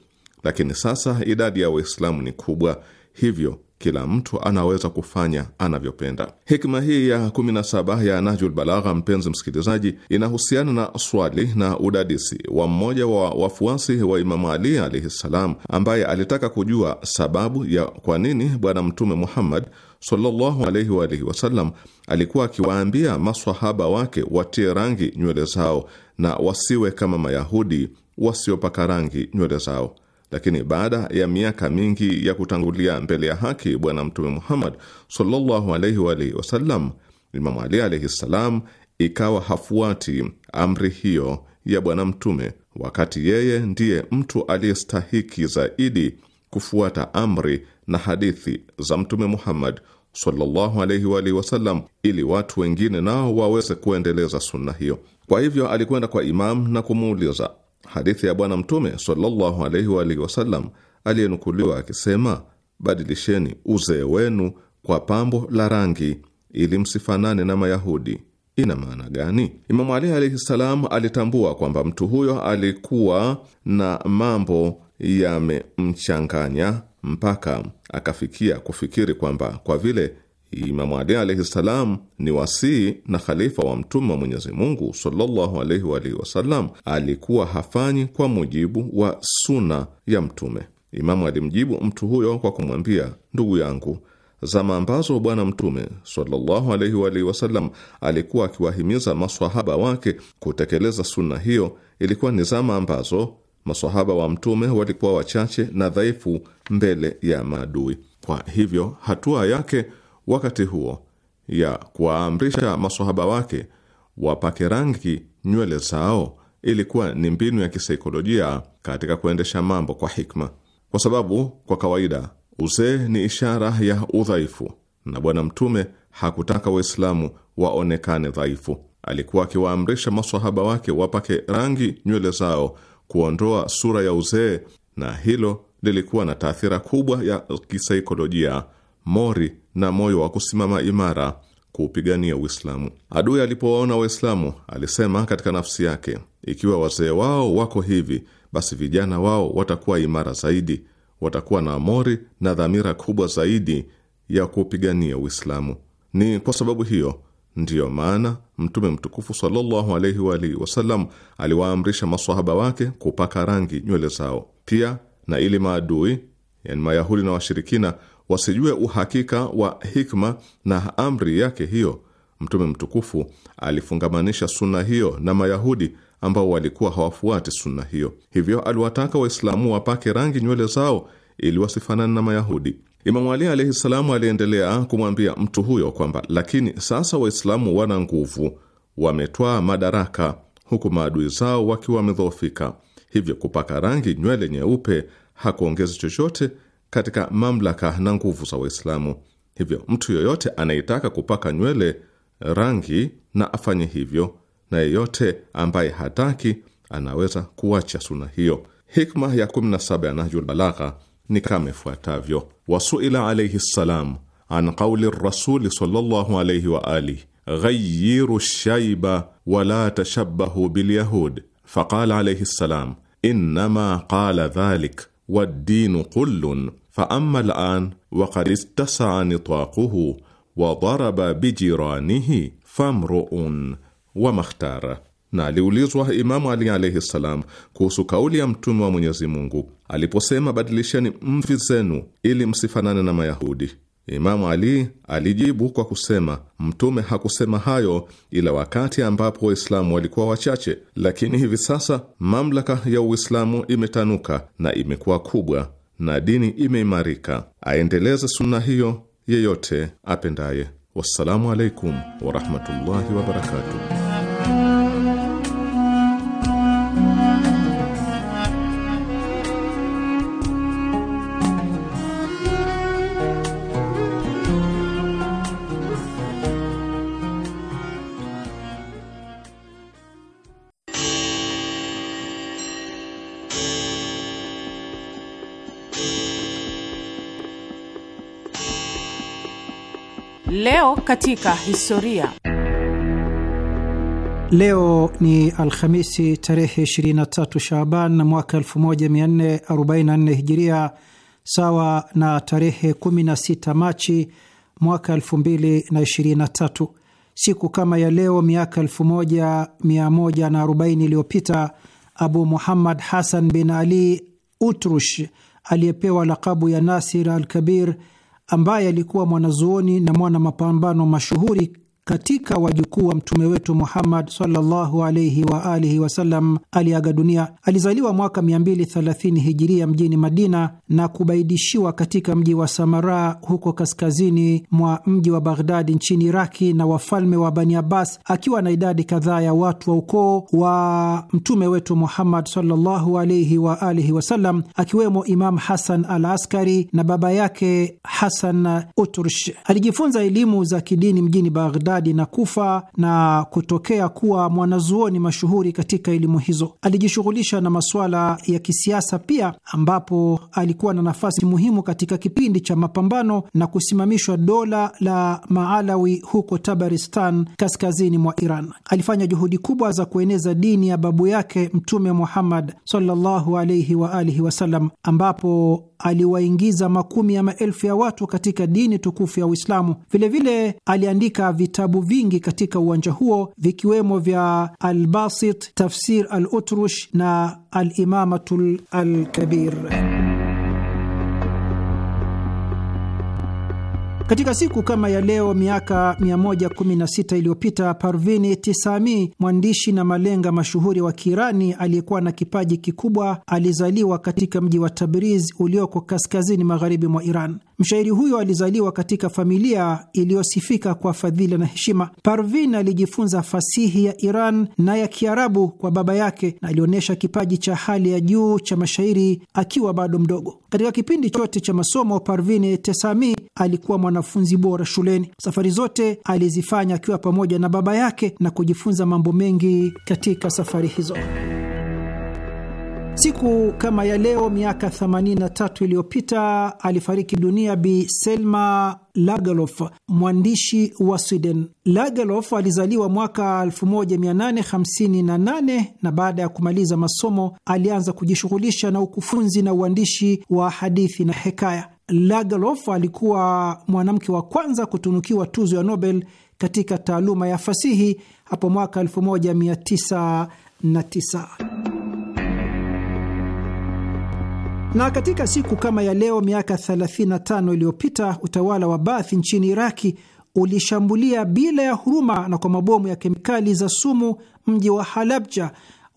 lakini sasa idadi ya Waislamu ni kubwa, hivyo kila mtu anaweza kufanya anavyopenda. Hikma hii ya 17 ya Nahjul Balagha, mpenzi msikilizaji, inahusiana na swali na udadisi wa mmoja wa wafuasi wa Imamu Ali alaihi ssalam, ambaye alitaka kujua sababu ya kwa nini Bwana Mtume Muhammad sallallahu alaihi wa alihi wasallam alikuwa akiwaambia maswahaba wake watie rangi nywele zao na wasiwe kama Mayahudi wasiopaka rangi nywele zao. Lakini baada ya miaka mingi ya kutangulia mbele ya haki Bwana Mtume Muhammad sallallahu alaihi wa alihi wasallam, Imamu Ali alaihi ssalam ikawa hafuati amri hiyo ya Bwana Mtume, wakati yeye ndiye mtu aliyestahiki zaidi kufuata amri na hadithi za Mtume Muhammad sallallahu alaihi wa alihi wasallam, ili watu wengine nao waweze kuendeleza sunna hiyo. Kwa hivyo alikwenda kwa imamu na kumuuliza hadithi ya Bwana Mtume sallallahu alaihi wa alihi wasallam aliyenukuliwa akisema, badilisheni uzee wenu kwa pambo la rangi ili msifanane na Mayahudi ina maana gani? Imamu Ali alaihi salam alitambua kwamba mtu huyo alikuwa na mambo yamemchanganya mpaka akafikia kufikiri kwamba kwa vile Imamu Ali alaihi ssalam ni wasii na khalifa wa Mtume wa Mwenyezi Mungu sallallahu alaihi wa alihi wasallam, alikuwa hafanyi kwa mujibu wa suna ya Mtume. Imamu alimjibu mtu huyo kwa kumwambia, ndugu yangu, zama ambazo Bwana Mtume sallallahu alaihi wa alihi wasallam alikuwa akiwahimiza maswahaba wake kutekeleza suna hiyo, ilikuwa ni zama ambazo maswahaba wa Mtume walikuwa wachache na dhaifu mbele ya maadui. Kwa hivyo hatua yake wakati huo ya kuwaamrisha masohaba wake wapake rangi nywele zao ilikuwa ni mbinu ya kisaikolojia katika kuendesha mambo kwa hikma, kwa sababu kwa kawaida uzee ni ishara ya udhaifu, na Bwana Mtume hakutaka Waislamu waonekane dhaifu. Alikuwa akiwaamrisha masohaba wake wapake rangi nywele zao kuondoa sura ya uzee, na hilo lilikuwa na taathira kubwa ya kisaikolojia mori na moyo wa kusimama imara kuupigania Uislamu. Adui alipowaona Waislamu alisema katika nafsi yake, ikiwa wazee wao wako hivi, basi vijana wao watakuwa imara zaidi, watakuwa na amori na dhamira kubwa zaidi ya kuupigania Uislamu. Ni kwa sababu hiyo ndiyo maana Mtume mtukufu sallallahu alaihi wa alihi wasallam aliwaamrisha masahaba wake kupaka rangi nywele zao pia, na ili maadui, yani Mayahudi na washirikina wasijue uhakika wa hikma na amri yake hiyo. Mtume mtukufu alifungamanisha sunna hiyo na Mayahudi ambao walikuwa hawafuati sunna hiyo, hivyo aliwataka Waislamu wapake rangi nywele zao ili wasifanane na Mayahudi. Imamu Ali alaihi salamu aliendelea kumwambia mtu huyo kwamba, lakini sasa Waislamu wana nguvu, wametwaa madaraka, huku maadui zao wakiwa wamedhoofika, hivyo kupaka rangi nywele nyeupe hakuongezi chochote katika mamlaka na nguvu za Waislamu. Hivyo mtu yoyote anayetaka kupaka nywele rangi na afanye hivyo, na yeyote ambaye hataki anaweza kuacha suna hiyo. Hikma ya 17 ya Nahjul Balagha ni kama ifuatavyo: wasuila alaihi ssalam an qauli rasuli sallallahu alaihi wa alihi ghayiru shaiba wala tashabahu bilyahud faqala alaihi ssalam innama qala dhalik waddinu kullun faama lan wakad istasaa nitaquhu wa daraba bijiranihi famruun wa makhtara. Na aliulizwa Imamu Ali alaihi salam kuhusu kauli ya Mtume wa Mwenyezi Mungu aliposema, badilisheni mvi zenu ili msifanane na Mayahudi. Imamu Ali alijibu kwa kusema, Mtume hakusema hayo ila wakati ambapo Waislamu walikuwa wachache, lakini hivi sasa mamlaka ya Uislamu imetanuka na imekuwa kubwa na dini imeimarika, aendeleze sunna hiyo yeyote apendaye. Wassalamu alaikum warahmatullahi wabarakatuh. Leo katika historia. Leo ni Alhamisi tarehe 23 Shaaban mwaka 1444 Hijiria, sawa na tarehe 16 Machi mwaka 2023. Siku kama ya leo miaka 1140 iliyopita Abu Muhammad Hassan bin Ali Utrush aliyepewa lakabu ya Nasir al Kabir ambaye alikuwa mwanazuoni na mwana mapambano mashuhuri katika wajukuu wa mtume wetu Muhammad sallallahu alaihi wa alihi wasallam aliaga dunia. Alizaliwa mwaka 230 hijiria mjini Madina na kubaidishiwa katika mji wa Samara huko kaskazini mwa mji wa Baghdadi nchini Iraki na wafalme wa Bani Abbas, akiwa na idadi kadhaa ya watu wa ukoo wa mtume wetu Muhammad sallallahu alaihi wa alihi wasallam, akiwemo Imam Hasan al Askari na baba yake Hasan Utrush. Alijifunza elimu za kidini mjini Baghdadi Baghdadi na Kufa na kutokea kuwa mwanazuoni mashuhuri katika elimu hizo. Alijishughulisha na masuala ya kisiasa pia, ambapo alikuwa na nafasi muhimu katika kipindi cha mapambano na kusimamishwa dola la Maalawi huko Tabaristan, kaskazini mwa Iran. Alifanya juhudi kubwa za kueneza dini ya babu yake Mtume Muhammad sallallahu alaihi wa alihi wasallam ambapo aliwaingiza makumi ya maelfu ya watu katika dini tukufu ya Uislamu. Vilevile aliandika vitabu vingi katika uwanja huo vikiwemo vya Albasit, Tafsir al Utrush na Alimamatu Alkabir. Katika siku kama ya leo miaka 116 iliyopita Parvini Tisami, mwandishi na malenga mashuhuri wa Kiirani aliyekuwa na kipaji kikubwa, alizaliwa katika mji wa Tabriz ulioko kaskazini magharibi mwa Iran. Mshairi huyo alizaliwa katika familia iliyosifika kwa fadhila na heshima. Parvin alijifunza fasihi ya Iran na ya Kiarabu kwa baba yake na alionyesha kipaji cha hali ya juu cha mashairi akiwa bado mdogo. Katika kipindi chote cha masomo, Parvin Tesami alikuwa mwanafunzi bora shuleni. Safari zote alizifanya akiwa pamoja na baba yake na kujifunza mambo mengi katika safari hizo. Siku kama ya leo miaka 83 iliyopita alifariki dunia Bi Selma Lagerlof, mwandishi wa Sweden. Lagerlof alizaliwa mwaka 1858 na baada ya kumaliza masomo alianza kujishughulisha na ukufunzi na uandishi wa hadithi na hekaya. Lagerlof alikuwa mwanamke wa kwanza kutunukiwa tuzo ya Nobel katika taaluma ya fasihi hapo mwaka 1909 na katika siku kama ya leo miaka 35 iliyopita utawala wa Baath nchini Iraki ulishambulia bila ya huruma na kwa mabomu ya kemikali za sumu mji wa Halabja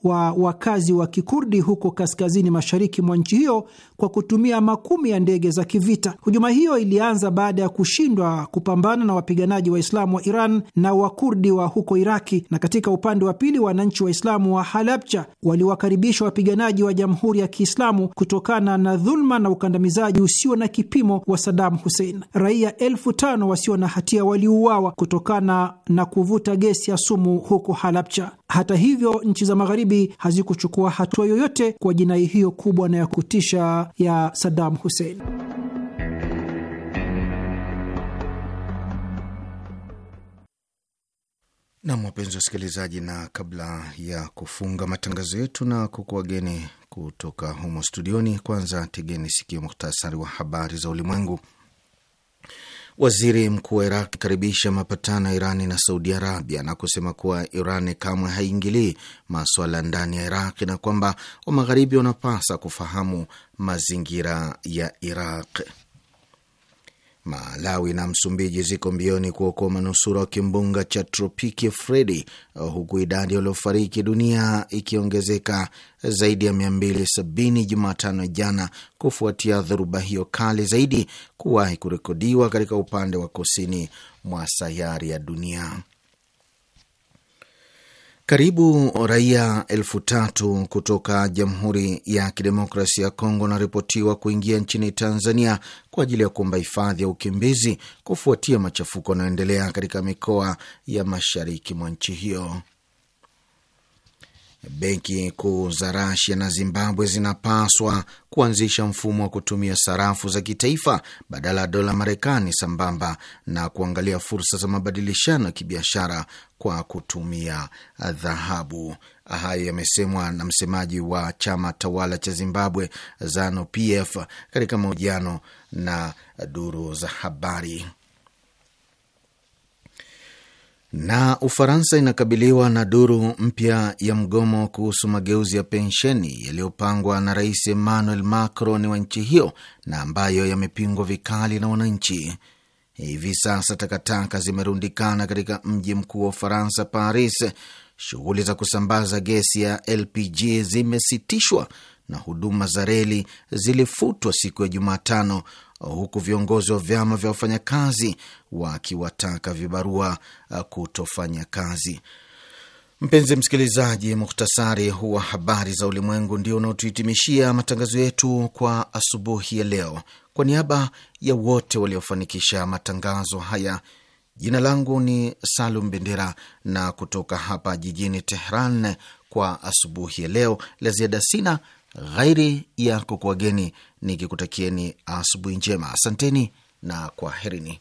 wa wakazi wa Kikurdi huko kaskazini mashariki mwa nchi hiyo kwa kutumia makumi ya ndege za kivita. Hujuma hiyo ilianza baada ya kushindwa kupambana na wapiganaji Waislamu wa Iran na Wakurdi wa huko Iraki, na katika upande wa pili wananchi Waislamu wa Halabcha waliwakaribisha wapiganaji wa Jamhuri ya Kiislamu kutokana na dhuluma na ukandamizaji usio na kipimo wa sadamu Hussein. Raia elfu tano wasio na hatia waliuawa kutokana na kuvuta gesi ya sumu huko Halabcha. Hata hivyo, nchi za Magharibi hazikuchukua hatua yoyote kwa jinai hiyo kubwa na ya kutisha ya Saddam Hussein. Nam, wapenzi wa wasikilizaji, na kabla ya kufunga matangazo yetu na kukuwageni kutoka humo studioni, kwanza tegeni sikio muhtasari wa habari za ulimwengu. Waziri mkuu wa Iraq karibisha mapatano ya Irani na Saudi Arabia na kusema kuwa Irani kamwe haiingilii maswala ndani ya Iraq na kwamba Wamagharibi wanapasa kufahamu mazingira ya Iraq. Malawi na Msumbiji ziko mbioni kuokoa manusura wa kimbunga cha tropiki Fredi, huku idadi waliofariki dunia ikiongezeka zaidi ya 270 Jumatano jana kufuatia dhoruba hiyo kali zaidi kuwahi kurekodiwa katika upande wa kusini mwa sayari ya dunia. Karibu raia elfu tatu kutoka Jamhuri ya Kidemokrasia ya Kongo wanaripotiwa kuingia nchini Tanzania kwa ajili ya kuomba hifadhi ya ukimbizi kufuatia machafuko yanayoendelea katika mikoa ya mashariki mwa nchi hiyo benki kuu za Rasia na Zimbabwe zinapaswa kuanzisha mfumo wa kutumia sarafu za kitaifa badala ya dola Marekani, sambamba na kuangalia fursa za mabadilishano ya kibiashara kwa kutumia dhahabu. Hayo yamesemwa na msemaji wa chama tawala cha Zimbabwe ZANU PF katika mahojiano na duru za habari. Na Ufaransa inakabiliwa na duru mpya ya mgomo kuhusu mageuzi ya pensheni yaliyopangwa na Rais Emmanuel Macron wa nchi hiyo na ambayo yamepingwa vikali na wananchi. Hivi sasa takataka zimerundikana katika mji mkuu wa Ufaransa, Paris. Shughuli za kusambaza gesi ya LPG zimesitishwa na huduma za reli zilifutwa siku ya Jumatano huku viongozi wa vyama vya wafanyakazi wakiwataka vibarua kutofanya kazi. Mpenzi msikilizaji, muhtasari wa habari za ulimwengu ndio unaotuhitimishia matangazo yetu kwa asubuhi ya leo. Kwa niaba ya wote waliofanikisha matangazo haya, jina langu ni Salum Bendera na kutoka hapa jijini Tehran kwa asubuhi ya leo, la ziada sina ghairi ya kukuageni nikikutakieni asubuhi njema. Asanteni na kwaherini.